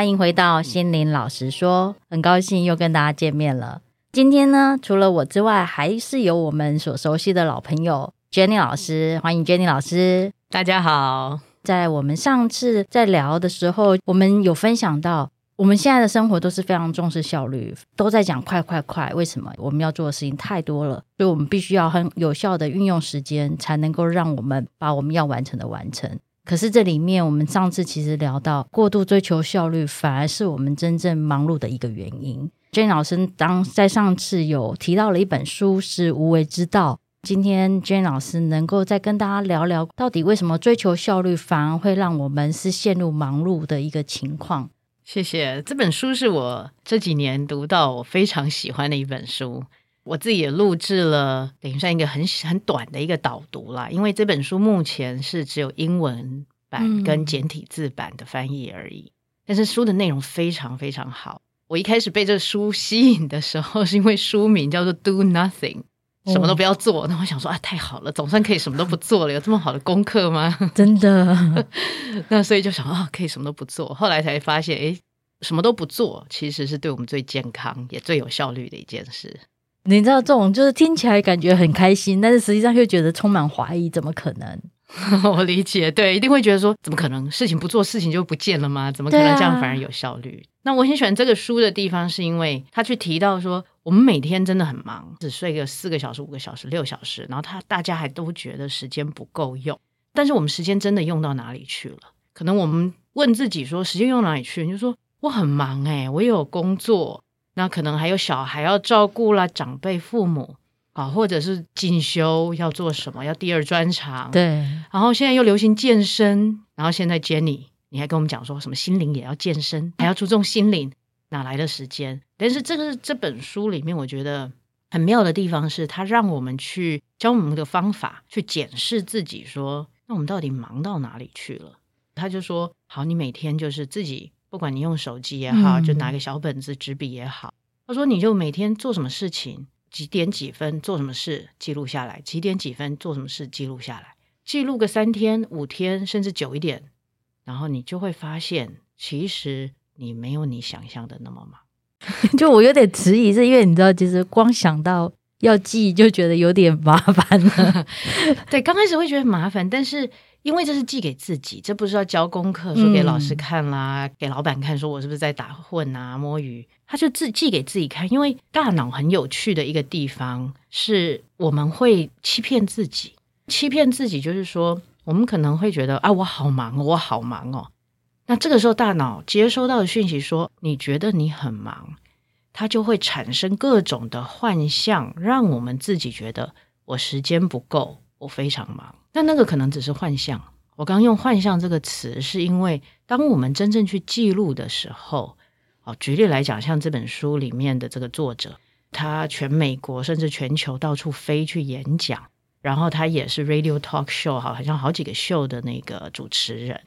歡迎回到心靈老實說，很高興又跟大家見面了。今天呢，除了我之外，還是有我們所熟悉的老朋友 Jenny 老師，歡迎 Jenny 老師。大家好，在我們上次在聊的時候，我們有分享到，我們現在的生活都是非常重視效率，都在講快快快。為什麼我們要做的事情太多了？所以我們必須要很有效的運用時間，才能夠讓我們把我們要完成的完成。可是這裡面，我們上次其實聊到，過度追求效率，反而是我們真正忙碌的一個原因。Jenny 老師當在上次有提到了一本書是《無為之道》，今天 Jenny 老師能夠再跟大家聊聊，到底為什麼追求效率反而會讓我們是陷入忙碌的一個情況？謝謝。這本書是我這幾年讀到我非常喜歡的一本書。我自己也錄製了，等於算一個很很短的一個導讀啦。因為這本書目前是只有英文版跟簡體字版的翻譯而已、嗯，但是書的內容非常非常好。我一開始被這書吸引的時候，是因為書名叫做《Do Nothing》、哦，什麼都不要做。那我想說啊，太好了，總算可以什麼都不做了。有這麼好的功課嗎？真的。 那所以就想啊，可以什麼都不做。後來才發現，哎、欸，什麼都不做其實是對我們最健康也最有效率的一件事。你知道這種就是聽起來感覺很開心，但是實際上又覺得充滿懷疑，怎麼可能？ 我理解，對，一定會覺得說怎麼可能？事情不做，事情就不見了嗎？怎麼可能這樣反而有效率？啊、那我很喜歡這個書的地方，是因為他去提到說，我們每天真的很忙，只睡個四個小時、五個小時、六小時，然後他大家還都覺得時間不夠用。但是我們時間真的用到哪裡去了？可能我們問自己說，時間用哪裡去？你就說我很忙哎、欸，我也有工作。那可能還有小孩要照顧啦，長輩父母啊，或者是進修要做什麼，要第二專長。對，然後現在又流行健身，然後現在 Jenny 你還跟我們講說什麼心靈也要健身，還要注重心靈，哪來的時間？但是這個這本書裡面，我覺得很妙的地方是，他讓我們去教我們的方法，去檢視自己說，說那我們到底忙到哪裡去了？他就說：好，你每天就是自己。不管你用手機也好，就拿個小本子、紙筆也好、嗯，他說你就每天做什麼事情，幾點幾分做什麼事記錄下來，幾點幾分做什麼事記錄下來，記錄個三天、五天，甚至久一點，然後你就會發現，其實你沒有你想象的那麼忙。就我有點遲疑，是因為你知道，其實光想到要記就覺得有點麻煩了。 對，剛開始會覺得麻煩，但是。因為這是寄給自己，這不是要交功課，說給老師看啦，嗯、給老板看，說我是不是在打混啊、摸魚？他就自寄給自己看。因為大腦很有趣的一個地方是，我們會欺騙自己，欺騙自己就是說，我們可能會覺得啊，我好忙，我好忙哦。那這個時候，大腦接收到的訊息說，你覺得你很忙，它就會產生各種的幻象，讓我們自己覺得我時間不夠。我非常忙，但那，那個可能只是幻象。我剛剛用“幻象”這個詞，是因為當我們真正去記錄的時候，哦，舉例來講，像這本書裡面的這個作者，他全美國甚至全球到處飛去演講，然後他也是 Radio Talk Show，哈，好像好幾個秀的那個主持人，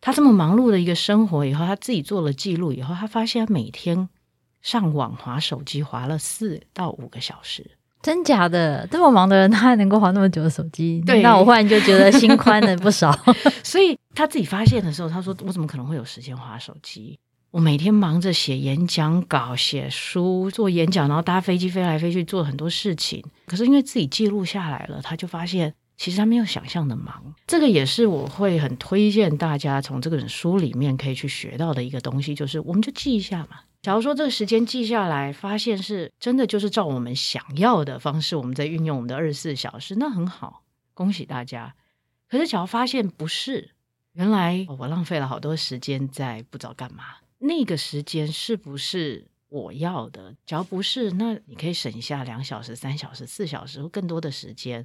他這麼忙碌的一個生活以後，他自己做了記錄以後，他發現他每天上網滑手機滑了四到五個小時。真假的，這麼忙的人，他還能夠滑那麼久的手機？對，那我忽然就覺得心寬了不少 。 所以他自己發現的時候，他說：“我怎麼可能會有時間滑手機？我每天忙着寫演講稿、寫書、做演講，然後搭飛機飛來飛去，做很多事情。可是因為自己記錄下來了，他就發現。”其實他沒有想象的忙，這個也是我會很推薦大家從這本書裡面可以去學到的一個東西，就是我們就記一下嘛。假如說這個時間記下來，發現是真的就是照我們想要的方式，我們在運用我們的二十四小時，那很好，恭喜大家。可是，假如發現不是，原來我浪費了好多時間在不知道幹嘛，那個時間是不是我要的？假如不是，那你可以省下兩小時、三小時、四小時或更多的時間。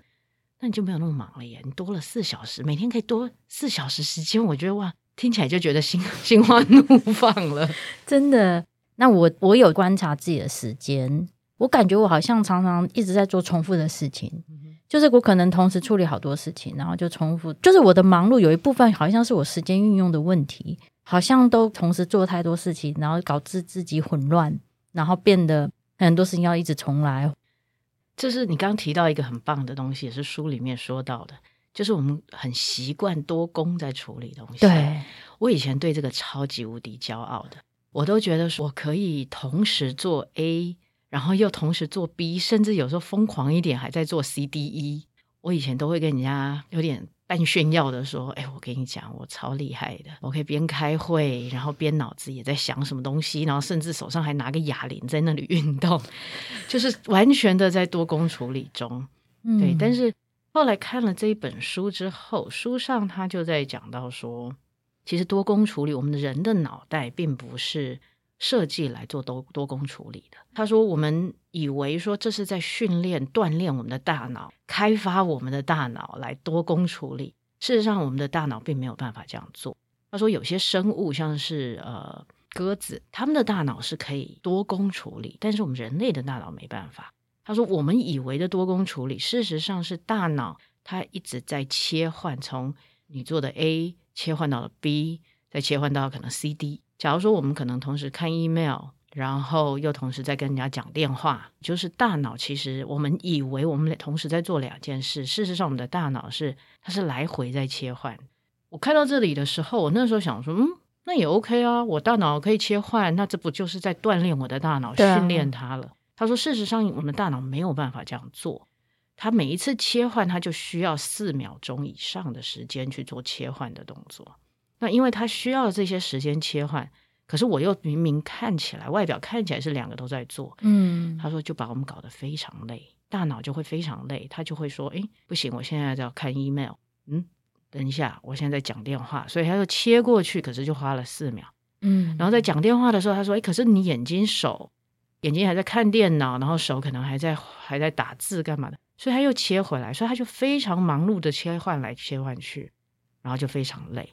那你就沒有那麼忙了耶！你多了四小時，每天可以多四小時時間，我覺得哇，聽起來就覺得心心花怒放了。 真的，那我我有觀察自己的時間，我感覺我好像常常一直在做重複的事情，就是我可能同時處理好多事情，然後就重複，就是我的忙碌有一部分好像是我時間運用的問題，好像都同時做太多事情，然後搞自自己混亂，然後變得很多事情要一直重來。就是你剛剛提到一個很棒的東西，也是書裡面說到的，就是我們很習慣多工在處理東西。對，我以前對這個超級無敵驕傲的，我都覺得說我可以同時做 A，然後又同時做 B，甚至有時候瘋狂一點，還在做 C、D、E。我以前都會跟人家有點半炫耀的說：“哎，我跟你講，我超厲害的，我可以邊開會，然後邊腦子也在想什麼東西，然後甚至手上還拿個啞鈴在那裡運動，就是完全的在多工處理中。 ”對，但是後來看了這一本書之後，書上他就在講到說，其實多工處理，我們的人的腦袋並不是。設計來做多多工處理的。他說：“我們以為說這是在訓練、鍛鍊我們的大腦，開發我們的大腦來多工處理。事實上，我們的大腦並沒有辦法這樣做。”他說：“有些生物像是呃鴿子，它們的大腦是可以多工處理，但是我們人類的大腦沒辦法。”他說：“我們以為的多工處理，事實上是大腦它一直在切換，從你做的 A 切換到了 B，再切換到可能 C、D。”假如說我們可能同時看 email，然後又同時在跟人家講電話，就是大腦其實我們以為我們同時在做兩件事，事實上我們的大腦是它是來回在切換。我看到這裡的時候，我那時候想說，嗯，那也 OK 啊，我大腦可以切換，那這不就是在鍛鍊我的大腦，啊、訓練它了。他說，事實上我們大腦沒有辦法這樣做，它每一次切換，它就需要四秒鐘以上的時間去做切換的動作。那因為他需要這些時間切換，可是我又明明看起來外表看起來是兩個都在做，嗯，他說就把我們搞得非常累，大腦就會非常累，他就會說，哎，不行，我現在要看 email，嗯，等一下，我現在在講電話，所以他就切過去，可是就花了四秒，嗯，然後在講電話的時候，他說，哎，可是你眼睛手眼睛還在看電腦，然後手可能還在還在打字幹嘛的，所以他又切回來，所以他就非常忙碌的切換來切換去，然後就非常累。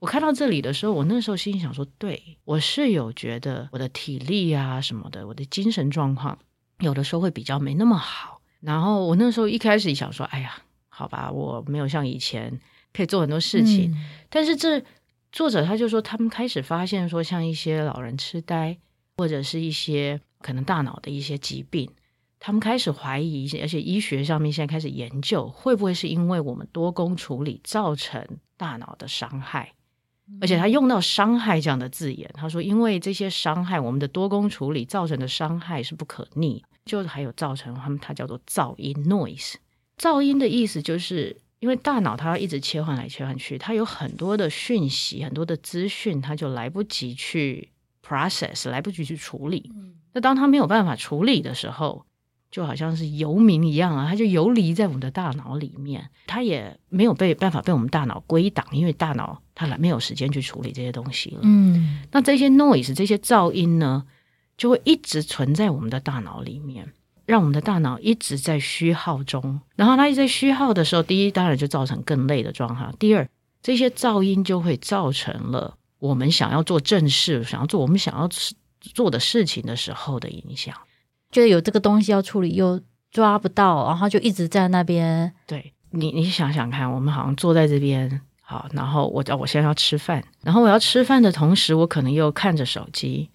我看到這裡的時候，我那時候心想說，對我是有覺得我的體力啊什麼的，我的精神狀況有的時候會比較沒那麼好。然後我那時候一開始想說，哎呀，好吧，我沒有像以前可以做很多事情。嗯、但是這作者他就說，他們開始發現說，像一些老人痴呆，或者是一些可能大腦的一些疾病，他們開始懷疑一些，而且醫學上面現在開始研究，會不會是因為我們多工處理造成大腦的傷害。而且他用到“傷害”這樣的字眼，他說：“因為這些傷害，我們的多工處理造成的傷害是不可逆，就還有造成他們，他叫做噪音。 噪音的意思就是，因為大腦它要一直切換來切換去，它有很多的訊息，很多的資訊，它就來不及去 process，來不及去處理。嗯，那當它沒有辦法處理的時候。”就好像是遊民一樣啊，它就遊離在我們的大腦裡面，它也沒有被辦法被我們大腦歸檔，因為大腦它沒有時間去處理這些東西了。嗯，那這些 noise 這些噪音呢，就會一直存在我們的大腦裡面，讓我們的大腦一直在虛耗中。然後它一直在虛耗的時候，第一當然就造成更累的狀態，第二這些噪音就會造成了我們想要做正事，想要做我們想要做的事情的時候的影響。覺得有這個東西要處理，又抓不到，然後就一直站在那邊。對，你你想想看，我們好像坐在這邊，好，然後我我現在要吃飯，然後我要吃飯的同時，我可能又看着手機，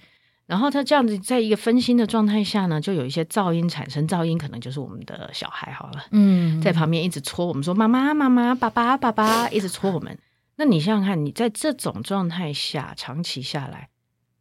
然後他這樣子在一個分心的狀態下呢，就有一些噪音產生，噪音可能就是我們的小孩好了，嗯，在旁邊一直戳我們說媽媽媽媽，爸爸爸爸，一直戳我們。那你想想看，你在這種狀態下長期下來，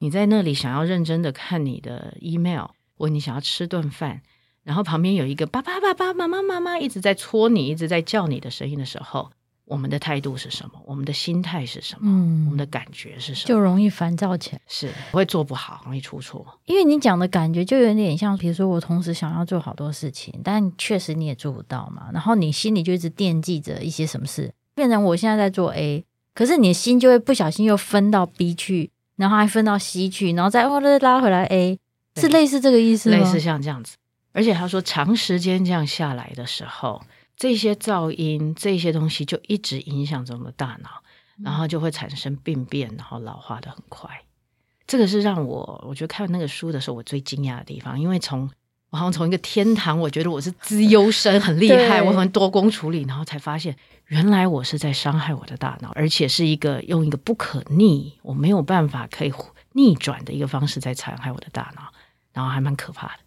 你在那裡想要認真的看你的 email。問你想要吃頓飯，然後旁邊有一個爸爸爸爸、媽媽媽媽一直在戳你、一直在叫你的聲音的時候，我們的態度是什麼？我們的心態是什麼？嗯、我們的感覺是什麼？就容易煩躁起來，是不會做不好，容易出錯。因為你講的感覺就有點像，比如說我同時想要做好多事情，但確實你也做不到嘛。然後你心裡就一直惦記着一些什麼事，變成我現在在做 A，可是你的心就會不小心又分到 B 去，然後還分到 C 去，然後再哇，再拉回來 A。是類似這個意思嗎？類似像這樣子。而且他說，長時間這樣下來的時候，這些噪音、這些東西就一直影響着我們大腦，然後就會產生病變，然後老化的很快。這個是讓我我覺得看那個書的時候，我最驚訝的地方，因為從我好像從一個天堂，我覺得我是資優生，很厲害， 我很多工處理，然後才發現原來我是在傷害我的大腦，而且是一個用一個不可逆，我沒有辦法可以逆轉的一個方式在殘害我的大腦。然後還蠻可怕的，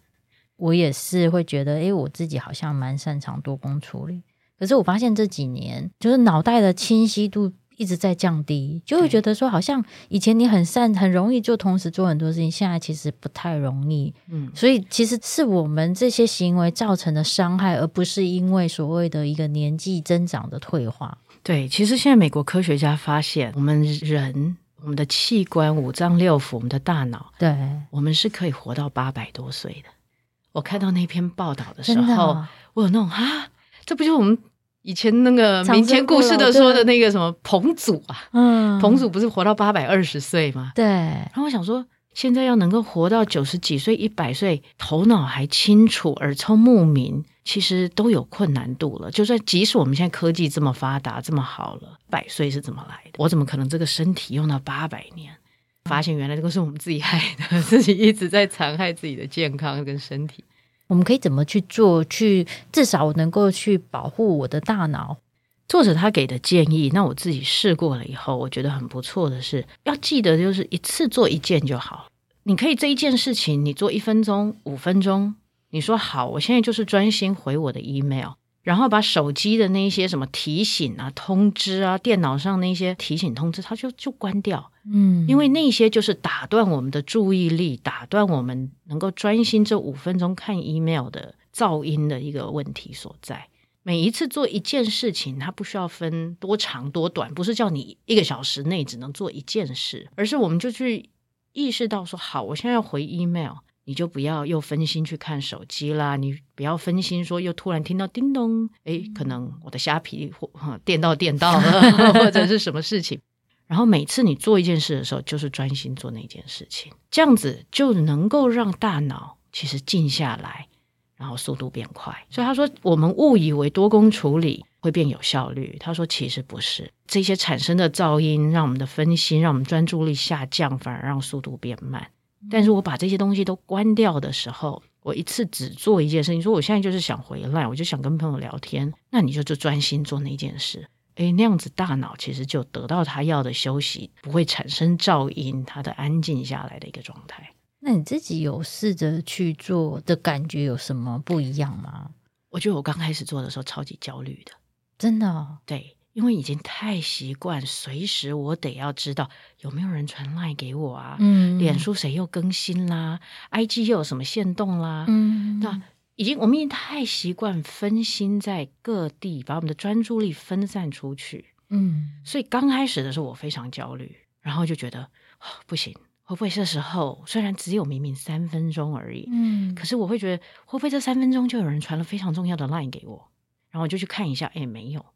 我也是會覺得，誒，我自己好像蠻擅長多工處理，可是我發現這幾年就是腦袋的清晰度一直在降低，就會覺得說，好像以前你很善，很容易做同時做很多事情，現在其實不太容易。嗯，所以其實是我們這些行為造成的傷害，而不是因為所謂的一個年紀增長的退化。對，其實現在美國科學家發現，我們人。我們的器官、五臟六腑、我們的大腦，對。我們是可以活到八百多歲的。我看到那篇報道的時候，我有那種啊，這不就是我們以前那個民間故事的說的那個什麼彭祖啊？嗯，彭祖不是活到八百二十歲嗎？對。然後我想說，現在要能夠活到九十幾歲、一百歲，頭腦還清楚而，耳聰目明。其實都有困難度了，就算即使我們現在科技這麼發達、這麼好了，百歲是怎麼來的？我怎麼可能這個身體用到八百年？發現原來這個是我們自己害的，自己一直在殘害自己的健康跟身體 我們可以怎麼去做，去至少能夠去保護我的大腦？作者他給的建議，那我自己試過了以後，我覺得很不錯的是，要記得就是一次做一件就好。你可以這一件事情，你做一分鐘、五分鐘。你說好，我現在就是專心回我的 email，然後把手機的那些什麼提醒啊、通知啊，電腦上那些提醒通知，它就就關掉，嗯，因為那些就是打斷我們的注意力，打斷我們能夠專心這五分鐘看 email 的噪音的一個問題所在。每一次做一件事情，它不需要分多長多短，不是叫你一個小時內只能做一件事，而是我們就去意識到說，好，我現在要回 email。你就不要又分心去看手機啦，你不要分心說又突然聽到叮咚，誒，可能我的蝦皮電到電到了， 或者是什麼事情。然後每次你做一件事的時候，就是專心做那件事情，這樣子就能夠讓大腦其實靜下來，然後速度變快。所以他說，我們誤以為多工處理會變有效率，他說其實不是，這些產生的噪音讓我們的分心，讓我們專注力下降，反而讓速度變慢。但是我把這些東西都關掉的時候，我一次只做一件事。你說我現在就是想回來，我就想跟朋友聊天，那你就就專心做那件事。誒，那樣子大腦其實就得到他要的休息，不會產生噪音，他的安靜下來的一個狀態。那你自己有試着去做的感覺有什麼不一樣嗎？我覺得我剛開始做的時候超級焦慮的，真的哦，對。因為已經太習慣，隨時我得要知道有沒有人傳 line 給我啊，嗯、臉書誰又更新啦，IG 又有什麼線動啦，嗯，那已經我們已經太習慣分心在各地，把我們的專注力分散出去。嗯，所以剛開始的時候我非常焦慮，然後就覺得，哦，不行，會不會這時候雖然只有明明三分鐘而已，嗯，可是我會覺得會不會這三分鐘就有人傳了非常重要的 line 給我，然後我就去看一下，哎，沒有。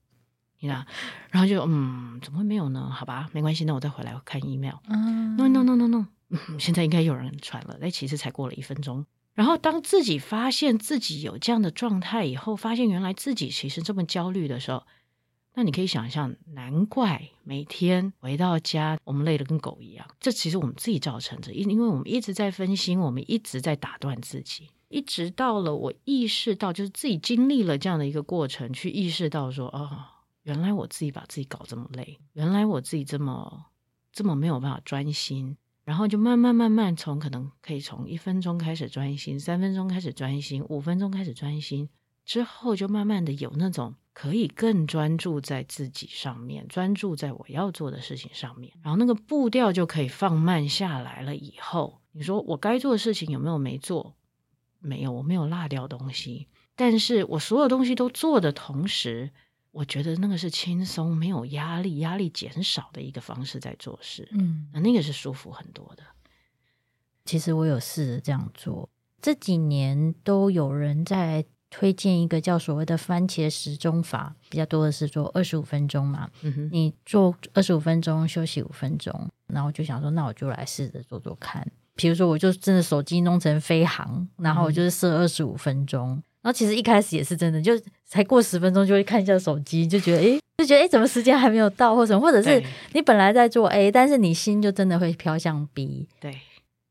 然後就嗯，怎麼會沒有呢？好吧，沒關係，那我再回來看 email。嗯、um,，no no no no no， 現在應該有人傳了。那、哎、其實才過了一分鐘。然後當自己發現自己有這樣的狀態以後，發現原來自己其實這麼焦慮的時候，那你可以想象，難怪每天回到家我們累得跟狗一樣。這其實我們自己造成的，因因為我們一直在分心，我們一直在打斷自己，一直到了我意識到，就是自己經歷了這樣的一個過程，去意識到說哦。原來我自己把自己搞這麼累，原來我自己這麼這麼沒有辦法專心，然後就慢慢慢慢從可能可以從一分鐘開始專心，三分鐘開始專心，五分鐘開始專心，之後就慢慢的有那種可以更專注在自己上面，專注在我要做的事情上面，然後那個步調就可以放慢下來了以後，你說我該做的事情有沒有沒做？沒有，我沒有落掉東西，但是我所有東西都做的同時。我覺得那個是輕鬆、沒有壓力、壓力減少的一個方式在做事，嗯，那個是舒服很多的。其實我有試着這樣做，這幾年都有人在推薦一個叫所謂的番茄時鐘法，比較多的是做二十五分鐘嘛，嗯哼，你做二十五分鐘，休息五分鐘，然後就想說，那我就來試着做做看。比如說，我就真的手機弄成飛行，然後我就是設二十五分鐘。嗯然後其實一開始也是真的，就才過十分鐘就會看一下手機，就覺得誒、欸、就覺得誒、欸，怎麼時間還沒有到，或者或者是你本來在做 A，但是你心就真的會飄向 B。對，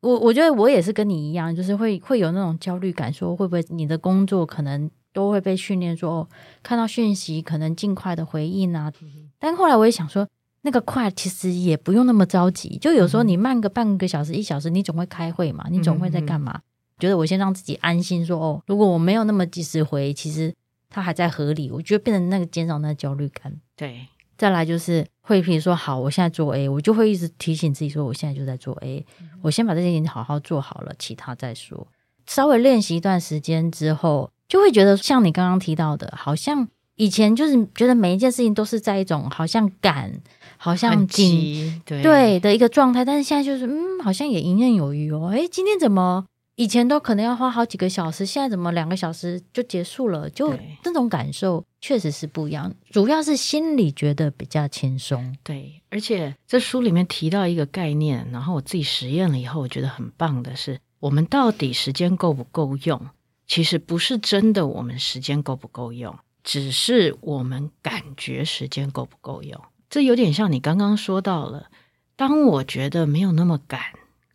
我我覺得我也是跟你一樣，就是會會有那種焦慮感，說，會不會你的工作可能都會被訓練說、哦，看到訊息可能儘快的回應啊。但後來我也想說，那個快其實也不用那麼着急，就有時候你慢個半個小時、嗯、一小時，你總會開會嘛，你總會在幹嘛？嗯嗯嗯我覺得我先讓自己安心說，說哦，如果我沒有那麼及時回，其實他還在合理。我覺得變成那個減少那焦慮感。對，再來就是會比如說，好，我現在做 A，我就會一直提醒自己說，我現在就在做 A，、嗯、我先把這些事情好好做好了，其他再說。稍微練習一段時間之後，就會覺得像你剛剛提到的，好像以前就是覺得每一件事情都是在一種好像趕、好像緊、對對的一個狀態，但是現在就是嗯，好像也游刃有餘哦。哎，今天怎麼？以前都可能要花好幾個小時，現在怎麼兩個小時就結束了？就這種感受確實是不一樣，主要是心裡覺得比較輕鬆。對，而且這書裡面提到一個概念，然後我自己實驗了以後，我覺得很棒的是，我們到底時間夠不夠用？其實不是真的我們時間夠不夠用，只是我們感覺時間夠不夠用。這有點像你剛剛說到了，當我覺得沒有那麼趕。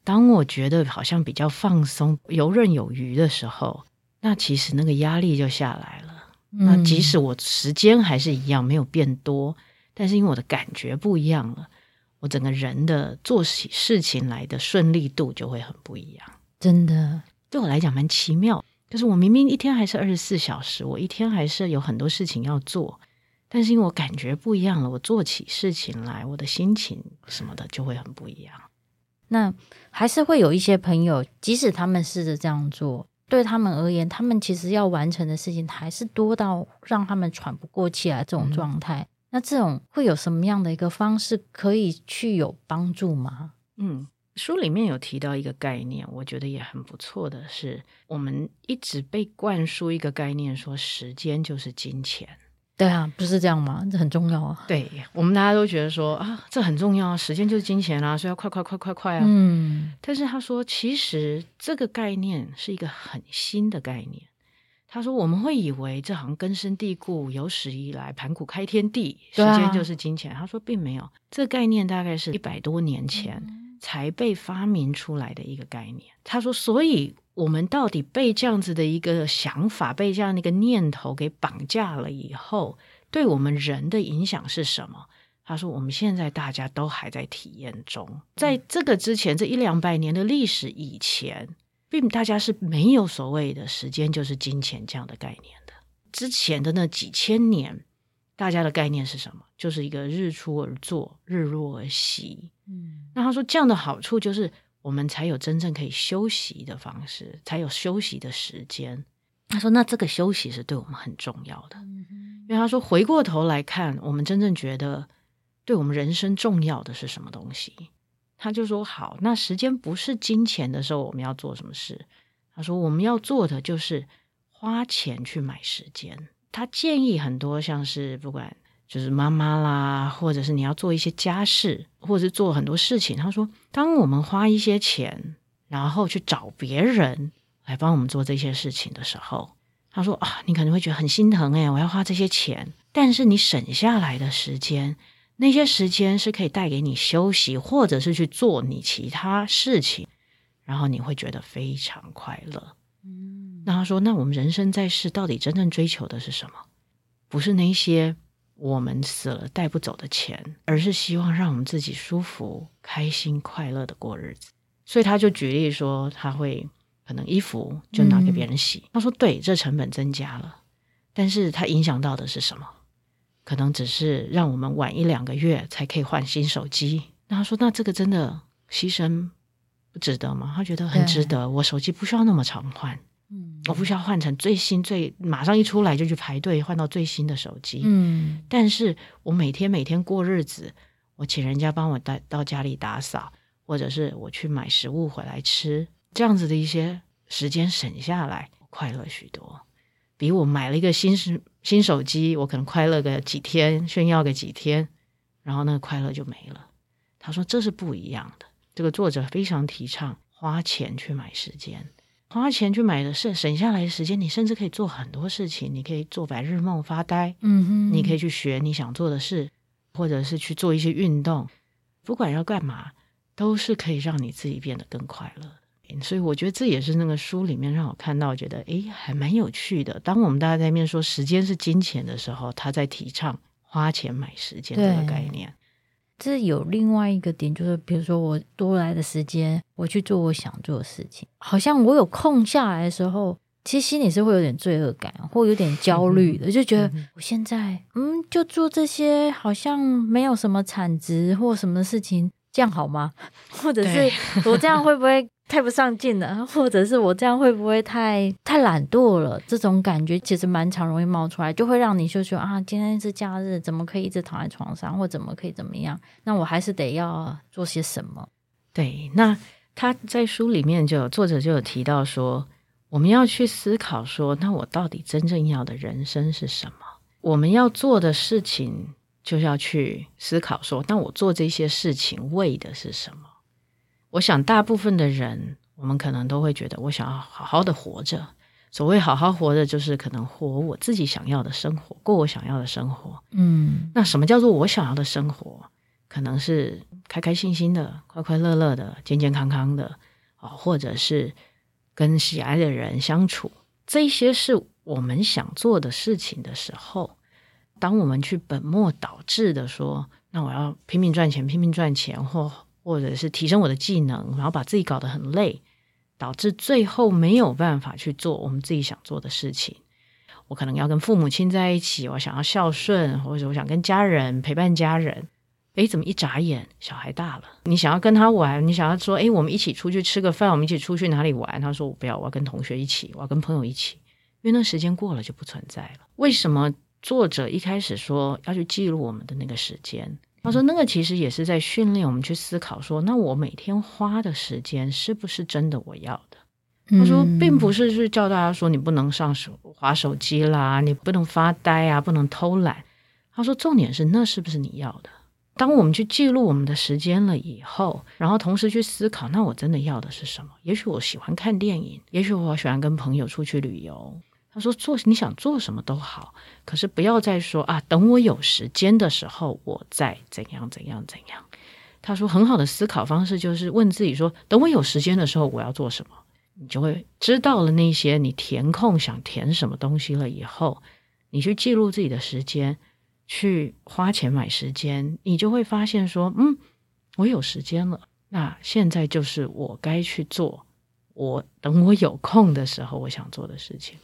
當我覺得好像比較放鬆、遊刃有餘的時候，那其實那個壓力就下來了。嗯。那即使我時間還是一樣，沒有變多，但是因為我的感覺不一樣了，我整個人的做起事情來的順利度就會很不一樣。真的，對我來講蠻奇妙。就是我明明一天還是二十四小時，我一天還是有很多事情要做，但是因為我感覺不一樣了，我做起事情來，我的心情什麼的就會很不一樣。那還是會有一些朋友，即使他們試着這樣做，對他們而言，他們其實要完成的事情還是多到讓他們喘不過氣來這種狀態。嗯。那這種會有什麼樣的一個方式可以去有幫助嗎？嗯，書裡面有提到一個概念，我覺得也很不錯的是，我們一直被灌輸一個概念，說時間就是金錢。對啊，不是這樣嗎？這很重要啊。對，我們大家都覺得說啊，這很重要，時間就是金錢啊，所以要快快快快快啊。嗯。但是他說，其實這個概念是一個很新的概念。他說，我們會以為這行根深蒂固、有史以來、盤古開天地，時間就是金錢。啊、他說，並沒有，這個、概念大概是一百多年前才被發明出來的一個概念。嗯、他說，所以。我們到底被這樣子的一個想法，被這樣一個念頭給綁架了以後，對我們人的影響是什麼？他說，我們現在大家都還在體驗中，在這個之前這一兩百年的歷史以前，並大家是沒有所謂的時間就是金錢這樣的概念的。之前的那幾千年，大家的概念是什麼？就是一個日出而作，日落而息。嗯，那他說這樣的好處就是。我們才有真正可以休息的方式，才有休息的時間。他說：“那這個休息是對我們很重要的，因為他說回過頭來看，我們真正覺得對我們人生重要的是什麼東西？”他就說：“好，那時間不是金錢的時候，我們要做什麼事？”他說：“我們要做的就是花錢去買時間。”他建議很多，像是不管。就是媽媽啦，或者是你要做一些家事，或者是做很多事情。他說：“當我們花一些錢，然後去找別人來幫我們做這些事情的時候，他說啊，你可能會覺得很心疼哎，我要花這些錢。但是你省下來的時間，那些時間是可以帶給你休息，或者是去做你其他事情，然後你會覺得非常快樂。”嗯，那他說：“那我們人生在世，到底真正追求的是什麼？不是那些。”我們死了帶不走的錢，而是希望讓我們自己舒服、開心、快樂的過日子。所以他就舉例說，他會可能衣服就拿給別人洗。嗯、他說：“對，這成本增加了，但是它影響到的是什麼？可能只是讓我們晚一兩個月才可以換新手機。”那他說：“那這個真的犧牲不值得嗎？”他覺得很值得。我手機不需要那麼常換。我不需要換成最新最、馬上一出來就去排隊換到最新的手機。嗯，但是我每天每天過日子，我請人家幫我帶到家裡打掃，或者是我去買食物回來吃，這樣子的一些時間省下來，快樂許多。比我買了一個新手、新手機，我可能快樂個幾天，炫耀個幾天，然後那個快樂就沒了。他說這是不一樣的。這個作者非常提倡花錢去買時間。花錢去買的是省下來的時間，你甚至可以做很多事情。你可以做白日夢、發呆，嗯哼，嗯，你可以去學你想做的事，或者是去做一些運動，不管要幹嘛，都是可以讓你自己變得更快樂。所以我覺得這也是那個書裡面讓我看到，覺得誒、欸、還蠻有趣的。當我們大家在面說時間是金錢的時候，他在提倡花錢買時間這個概念。這有另外一個點，就是比如說我多來的時間，我去做我想做的事情，好像我有空下來的時候，其實心裡是會有點罪惡感，或有點焦慮的，就覺得我現在嗯，就做這些好像沒有什麼產值或什麼事情，這樣好嗎？或者是我這樣會不會？太不上進了，或者是我這樣會不會太太懶惰了？這種感覺其實蠻常容易冒出來，就會讓你就說，說啊，今天是假日，怎麼可以一直躺在床上，或怎麼可以怎麼樣？那我還是得要做些什麼。對，那他在書裡面就有作者就有提到說，我們要去思考說，那我到底真正要的人生是什麼？我們要做的事情，就要去思考說，那我做這些事情為的是什麼？我想，大部分的人，我們可能都會覺得，我想要好好的活着。所謂好好活着，就是可能活我自己想要的生活，過我想要的生活。嗯，那什麼叫做我想要的生活？可能是開開心心的、快快樂樂的、健健康康的，哦，或者是跟喜愛的人相處。這些是我們想做的事情的時候，當我們去本末倒置的說，那我要拼命賺錢、拼命賺錢或。或者是提升我的技能，然後把自己搞得很累，導致最後沒有辦法去做我們自己想做的事情。我可能要跟父母親在一起，我想要孝順，或者我想跟家人陪伴家人。誒，怎麼一眨眼，小孩大了？你想要跟他玩，你想要說，誒，我們一起出去吃個飯，我們一起出去哪裡玩？他說我不要，我要跟同學一起，我要跟朋友一起。因為那時間過了就不存在了。為什麼作者一開始說要去記錄我們的那個時間？他說：“那個其實也是在訓練我們去思考說，說那我每天花的時間是不是真的我要的？”嗯、他說：“並不是是叫大家說你不能上手滑手機啦，你不能發呆啊，不能偷懶。”他說：“重點是那是不是你要的？當我們去記錄我們的時間了以後，然後同時去思考，那我真的要的是什麼？也許我喜歡看電影，也許我喜歡跟朋友出去旅遊。”他說：“做你想做什麼都好，可是不要再說啊，等我有時間的時候，我再怎樣怎樣怎樣。”他說：“很好的思考方式就是問自己說：等我有時間的時候，我要做什麼？你就會知道了。那些你填空想填什麼東西了以後，你去記錄自己的時間，去花錢買時間，你就會發現說：嗯，我有時間了。那現在就是我該去做，我等我有空的時候，我想做的事情。”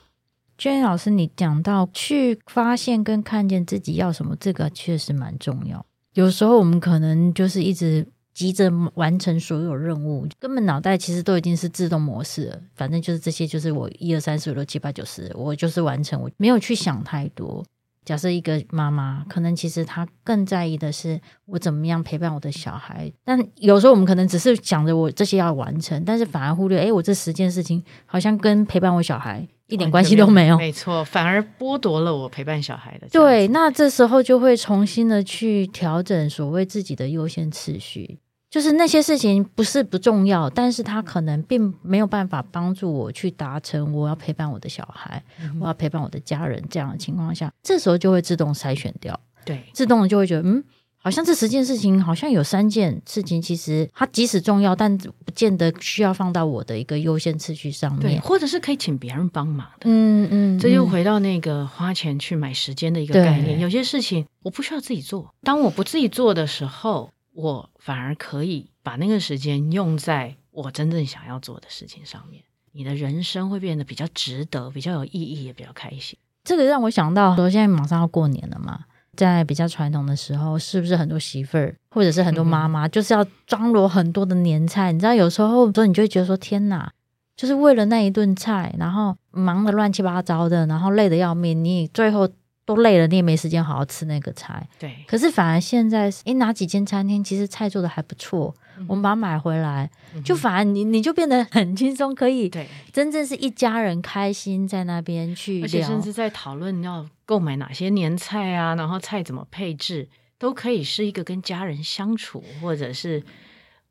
Jenny 老師，你講到去發現跟看見自己要什麼，這個確實蠻重要。有時候我們可能就是一直急着完成所有任務，根本腦袋其實都已經是自動模式了。反正就是這些，就是我一二三四五六七八九十，我就是完成，我沒有去想太多。假設一個媽媽，可能其實她更在意的是我怎麼樣陪伴我的小孩，但有時候我們可能只是想着我這些要完成，但是反而忽略，哎，我這十件事情好像跟陪伴我小孩。一點關係都沒有，完全沒有。沒錯，反而剝奪了我陪伴小孩的。對，那這時候就會重新的去調整所謂自己的優先次序，就是那些事情不是不重要，但是他可能並沒有辦法幫助我去達成我要陪伴我的小孩，嗯，我要陪伴我的家人這樣的情況下，這時候就會自動篩選掉，對，自動的就會覺得嗯。好像這十件事情，好像有三件事情，其實它即使重要，但不見得需要放到我的一個優先次序上面。對，或者是可以請別人幫忙的。嗯嗯，這就回到那個花錢去買時間的一個概念。有些事情我不需要自己做，當我不自己做的時候，我反而可以把那個時間用在我真正想要做的事情上面。你的人生會變得比較值得，比較有意義，也比較開心。這個讓我想到，說現在馬上要過年了嘛。在比較傳統的時候，是不是很多媳婦兒或者是很多媽媽、嗯，就是要張羅很多的年菜？嗯、你知道，有時候都你就會覺得說，天哪，就是為了那一頓菜，然後忙得亂七八糟的，然後累得要命。你最後都累了，你也沒時間好好吃那個菜。對。可是反而現在，誒、欸、哪幾間餐廳其實菜做得還不錯、嗯，我們把它買回來，嗯、就反而你你就變得很輕鬆，可以對，真正是一家人開心在那邊去，而且甚至在討論要。購買哪些年菜啊？然後菜怎麼配置，都可以是一個跟家人相處，或者是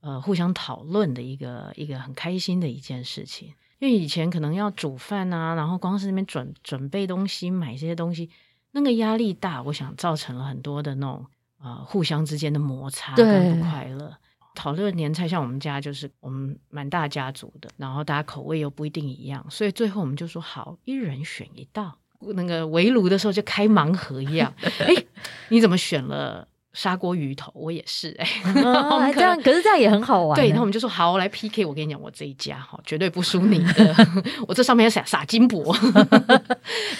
呃互相討論的一個一個很開心的一件事情。因為以前可能要煮飯啊，然後光是那邊準準備東西、買這些東西，那個壓力大，我想造成了很多的那種呃互相之間的摩擦，對，不快樂。討論年菜，像我們家就是我們蠻大家族的，然後大家口味又不一定一樣，所以最後我們就說好，一人選一道。那個圍爐的時候就開盲盒一樣，哎、 欸，你怎麼選了砂鍋魚頭？我也是、欸、哎、嗯啊， 這樣，可是這樣也很好玩。對，然後我們就說好來 PK，我跟你講，我這一家哈絕對不輸你的， 我這上面撒撒金箔， 哎、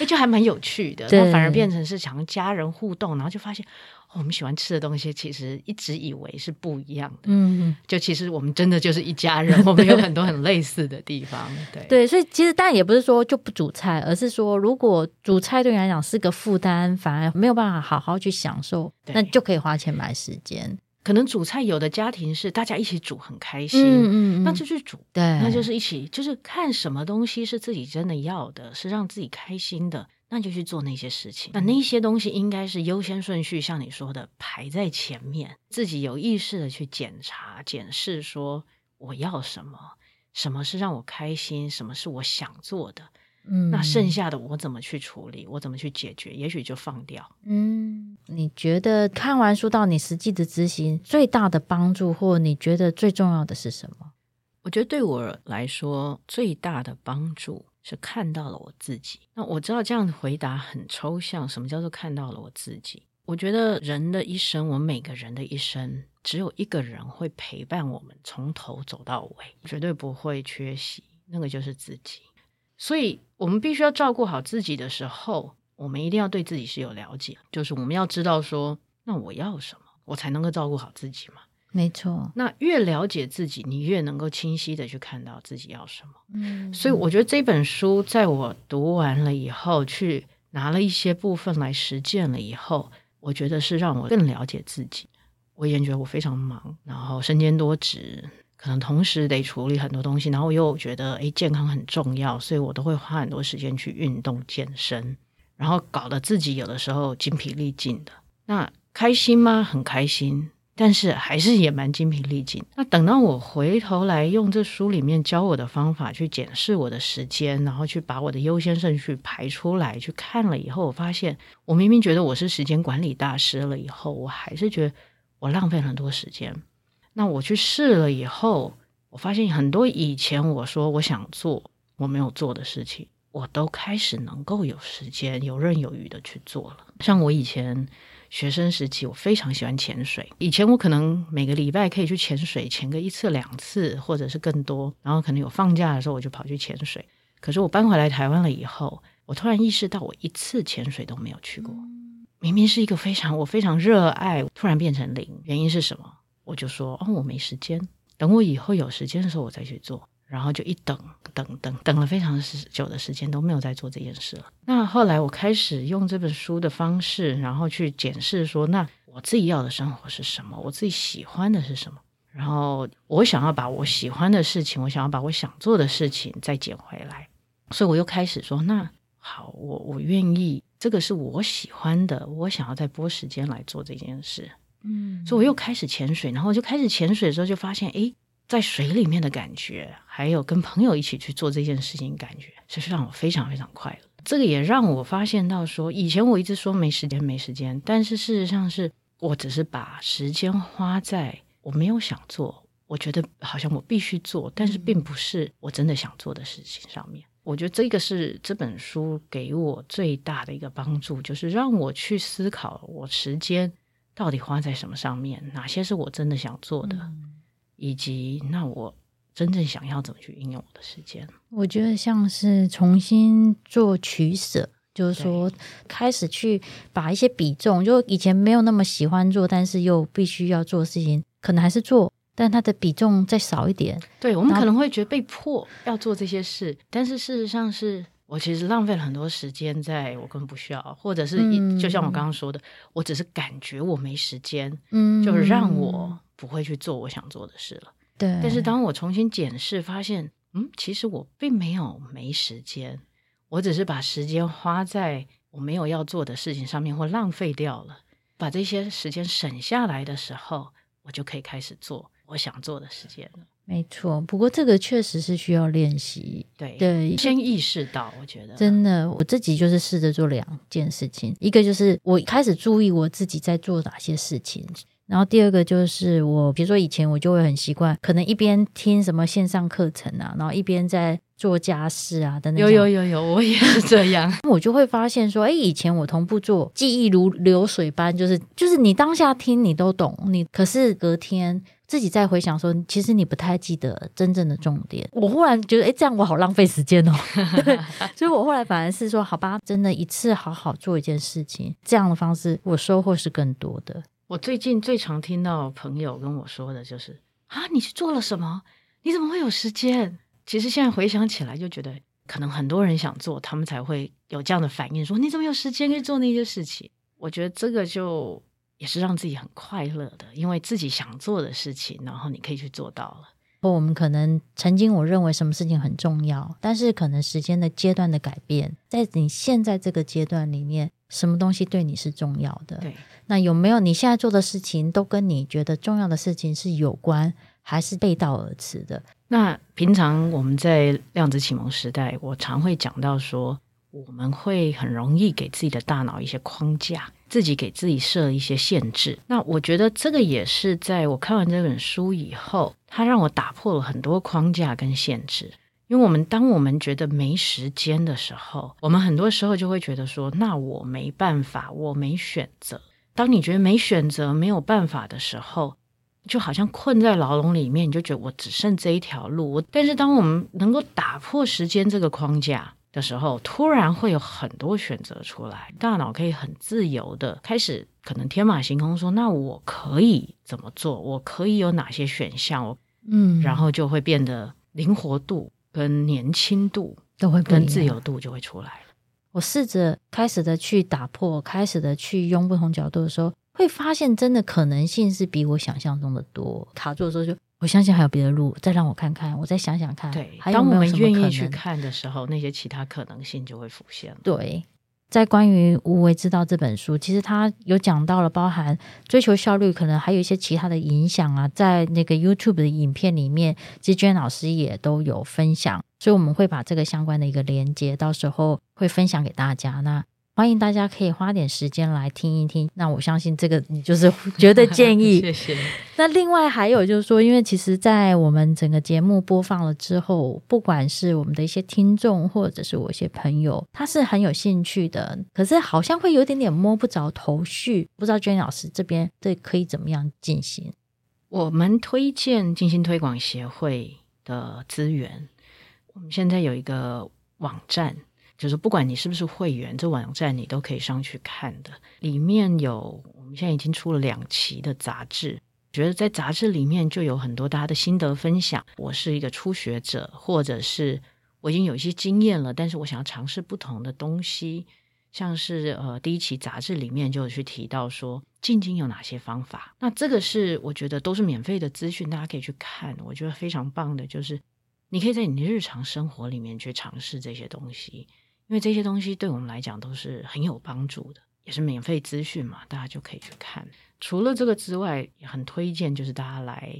欸，就還蠻有趣的。對，反而變成是想像家人互動，然後就發現。我們喜歡吃的東西，其實一直以為是不一樣的。嗯，就其實我們真的就是一家人， 我們有很多很類似的地方。對，對，所以其實但也不是說就不煮菜，而是說如果煮菜對你來講是個負擔，反而沒有辦法好好去享受，那就可以花錢買時間。可能煮菜有的家庭是大家一起煮很開心，嗯嗯嗯，那就去煮。對，那就是一起，就是看什麼東西是自己真的要的，是讓自己開心的。那就去做那些事情。那那些東西應該是優先順序，像你說的排在前面。自己有意識的去檢查、檢視，說我要什麼，什麼是讓我開心，什麼是我想做的。嗯，那剩下的我怎麼去處理？我怎麼去解決？也許就放掉。嗯，你覺得看完書到你實際的執行最大的幫助，或你覺得最重要的是什麼？我覺得對我來說最大的幫助。是看到了我自己。那我知道這樣的回答很抽象。什麼叫做看到了我自己？我覺得人的一生，我們每個人的一生，只有一個人會陪伴我們從頭走到尾，絕對不會缺席。那個就是自己。所以我們必須要照顧好自己的時候，我們一定要對自己是有了解，就是我們要知道說，那我要什麼，我才能夠照顧好自己嘛。沒錯，那越了解自己，你越能夠清晰的去看到自己要什麼。嗯，所以我覺得這本書在我讀完了以後，去拿了一些部分來實踐了以後，我覺得是讓我更了解自己。我以前覺得我非常忙，然後身兼多職，可能同時得處理很多東西，然後又覺得哎，健康很重要，所以我都會花很多時間去運動健身，然後搞得自己有的時候精疲力盡的。那開心嗎？很開心。但是還是也蠻精疲力盡。那等到我回頭來用這書裡面教我的方法去檢視我的時間，然後去把我的優先順序排出來，去看了以後，我發現我明明覺得我是時間管理大師了，以後我還是覺得我浪費了很多時間。那我去試了以後，我發現很多以前我說我想做我沒有做的事情，我都開始能夠有時間游刃有餘的去做了。像我以前。學生時期，我非常喜歡潛水。以前我可能每個禮拜可以去潛水，潛個一次兩次，或者是更多。然後可能有放假的時候，我就跑去潛水。可是我搬回來台灣了以後，我突然意識到我一次潛水都沒有去過。明明是一個非常，我非常熱愛，突然變成零，原因是什麼？我就說哦，我沒時間，等我以後有時間的時候，我再去做。然後就一等等等等，了非常時久的時間都沒有再做這件事了。那後來我開始用這本書的方式，然後去檢視說，那我自己要的生活是什麼？我自己喜歡的是什麼？然後我想要把我喜歡的事情，我想要把我想做的事情再撿回來。所以我又開始說，那好，我我願意，這個是我喜歡的，我想要再撥時間來做這件事。嗯，所以我又開始潛水，然後我就開始潛水的時候就發現，誒……在水裡面的感覺，還有跟朋友一起去做這件事情，感覺其實讓我非常非常快樂。這個也讓我發現到說，說以前我一直說沒時間，沒時間，但是事實上是我只是把時間花在我沒有想做，我覺得好像我必須做，但是並不是我真的想做的事情上面。嗯、我覺得這個是這本書給我最大的一個幫助，就是讓我去思考我時間到底花在什麼上面，哪些是我真的想做的。嗯以及那我真正想要怎麼去應用我的時間？我覺得像是重新做取舍，就是說開始去把一些比重，就以前沒有那麼喜歡做，但是又必須要做的事情，可能還是做，但它的比重再少一點。對，我們可能會覺得被迫要做這些事，些事，但是事實上是我其實浪費了很多時間，在我根本不需要，或者是、嗯、就像我剛剛說的，我只是感覺我沒時間，嗯，就讓我。不會去做我想做的事了。對，但是當我重新檢視，發現，嗯，其實我並沒有沒時間，我只是把時間花在我沒有要做的事情上面，或浪費掉了。把這些時間省下來的時候，我就可以開始做我想做的時間了。沒錯，不過這個確實是需要練習。對對，先意識到，我覺得真的，我自己就是試着做兩件事情，一個就是我開始注意我自己在做哪些事情。然後第二個就是我，比如說以前我就會很習慣，可能一邊聽什麼線上課程啊，然後一邊在做家事啊等等。有有有有，我也是這樣。 我就會發現說，哎、欸，以前我同步做，記憶如流水般，就是就是你當下聽你都懂，你可是隔天自己再回想說，其實你不太記得真正的重點。我忽然覺得，哎、欸，這樣我好浪費時間哦。 所以我後來反而是說，好吧，真的一次好好做一件事情，這樣的方式我收穫是更多的。我最近最常聽到朋友跟我說的就是啊，你去做了什麼？你怎麼會有時間？其實現在回想起來，就覺得可能很多人想做，他們才會有這樣的反應，說你怎麼有時間去做那些事情？我覺得這個就也是讓自己很快樂的，因為自己想做的事情，然後你可以去做到了。不，我們可能曾經我認為什麼事情很重要，但是可能時間的階段的改變，在你現在這個階段裡面，什麼東西對你是重要的？對。那有沒有你現在做的事情都跟你覺得重要的事情是有關，還是背道而馳的？那平常我們在量子啟蒙時代，我常會講到說，我們會很容易給自己的大腦一些框架，自己給自己設一些限制。那我覺得這個也是在我看完這本書以後，它讓我打破了很多框架跟限制。因為我們當我們覺得沒時間的時候，我們很多時候就會覺得說，那我沒辦法，我沒選擇。當你覺得沒選擇、沒有辦法的時候，就好像困在牢籠裡面，你就覺得我只剩這一條路。但是當我們能夠打破時間這個框架的時候，突然會有很多選擇出來，大腦可以很自由的開始，可能天馬行空說，那我可以怎麼做？我可以有哪些選項？嗯，然後就會變得靈活度跟年輕度都會跟自由度就會出來。我試着開始的去打破，開始的去用不同角度的時候，會發現真的可能性是比我想象中的多。卡住的時候就，就我相信還有別的路，再讓我看看，我再想想看。對有有，當我們願意去看的時候，那些其他可能性就會浮現了。對，在關於《無為之道》這本書，其實它有講到了，包含追求效率，可能還有一些其他的影響啊。在那個 YouTube 的影片裡面，Jenny 老師也都有分享。所以我們會把這個相關的一個連接，到時候會分享給大家。那歡迎大家可以花點時間來聽一聽。那我相信這個你就是絕對建議。 謝謝。那另外還有就是說，因為其實，在我們整個節目播放了之後，不管是我們的一些聽眾，或者是我一些朋友，他是很有興趣的，可是好像會有點點摸不着頭緒，不知道 Jenny 老師這邊對可以怎麼樣進行？我們推薦靜心推廣協會的資源。我們現在有一個網站，就是不管你是不是會員，這網站你都可以上去看的。裡面有我們現在已經出了兩期的雜誌，覺得在雜誌裡面就有很多大家的心得分享。我是一個初學者，或者是我已經有一些經驗了，但是我想要嘗試不同的東西，像是呃第一期雜誌裡面就有去提到說進階有哪些方法，那這個是我覺得都是免費的資訊，大家可以去看。我覺得非常棒的就是。你可以在你的日常生活裡面去嘗試這些東西，因為這些東西對我們來講都是很有幫助的，也是免費資訊嘛，大家就可以去看。除了這個之外，也很推薦就是大家來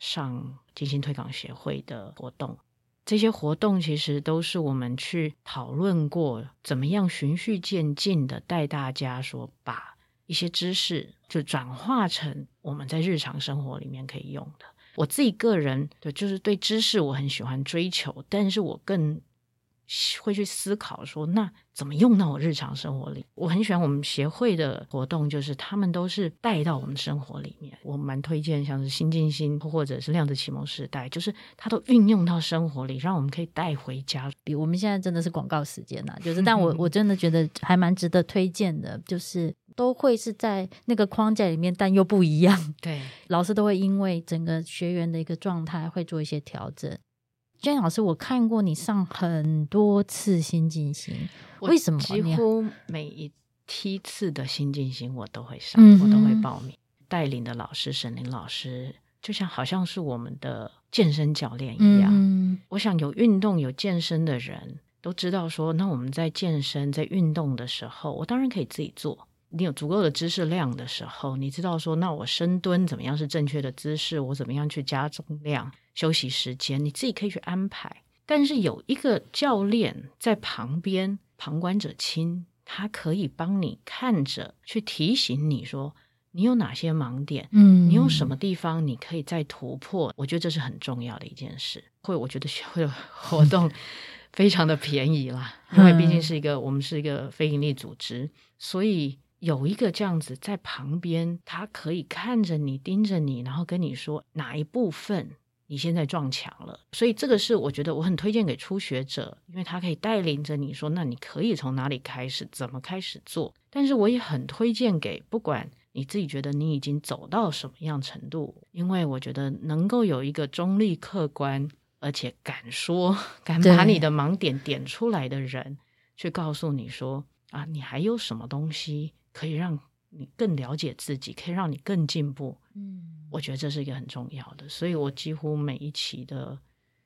上靜心推廣協會的活動，這些活動其實都是我們去討論過，怎麼樣循序漸進的帶大家說把一些知識就轉化成我們在日常生活裡面可以用的。我自己個人對，就是對知識我很喜歡追求，但是我更會去思考說，那怎麼用到我日常生活裡？我很喜歡我們協會的活動，就是他們都是帶到我們生活裡面。我蠻推薦像是新靜心或者是量子啟蒙時代，就是他都運用到生活裡，讓我們可以帶回家。比我們現在真的是廣告時間吶、啊，就是但我 我真的覺得還蠻值得推薦的，就是都會是在那個框架裡面，但又不一樣。對，老師都會因為整個學員的一個狀態會做一些調整。Jenny 老師，我看過你上很多次新進行，為什麼幾乎每一梯次的新進行我都會上， 我都會報名。帶領的老師沈林老師，就像好像是我們的健身教練一樣。 我想有運動有健身的人都知道說，那我們在健身在運動的時候，我當然可以自己做。你有足夠的知識量的時候，你知道說，那我深蹲怎麼樣是正確的姿勢？我怎麼樣去加重量？休息時間你自己可以去安排，但是有一個教練在旁邊，旁觀者清，他可以幫你看着，去提醒你說你有哪些盲點，嗯，你有什麼地方你可以再突破。我覺得這是很重要的一件事。會，我覺得學會的活動非常的便宜啦， 因為畢竟是一個我們是一個非營利組織，所以有一個這樣子在旁邊，他可以看着你，盯着你，然後跟你說哪一部分。你現在撞牆了，所以這個是我覺得我很推薦給初學者，因為他可以帶領着你說，那你可以從哪裡開始，怎麼開始做。但是我也很推薦給不管你自己覺得你已經走到什麼樣程度，因為我覺得能夠有一個中立、客觀，而且敢說、敢把你的盲點點出來的人，去告訴你說啊，你還有什麼東西可以讓你更了解自己，可以讓你更進步。嗯，我覺得這是一個很重要的，所以我幾乎每一期的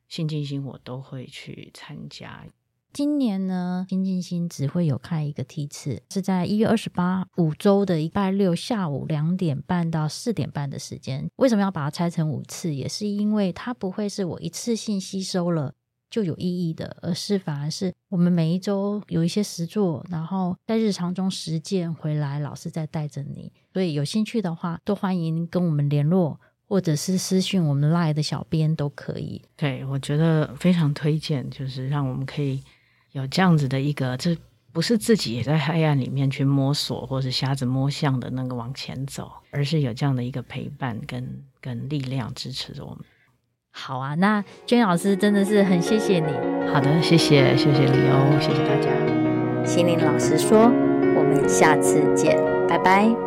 新靜心我都會去參加。今年呢，新靜心只會有開一個梯次，是在一月二十八五周的禮拜六下午兩點半到四點半的時間。為什麼要把它拆成五次？也是因為它不會是我一次性吸收了。就有意義的，而是反而是我們每一周有一些實作，然後在日常中實踐回來，老師在帶着你。所以有興趣的話，都歡迎跟我們聯絡，或者是私訊我們 LINE 的小編都可以。對，我覺得非常推薦，就是讓我們可以有這樣子的一個，這不是自己也在黑暗裡面去摸索，或者瞎子摸象的那個往前走，而是有這樣的一個陪伴跟跟力量支持着我們。好啊，那 Jenny 老師真的是很謝謝你。好的，謝謝，謝謝你哦，謝謝大家。心靈老實說，我們下次見，拜拜。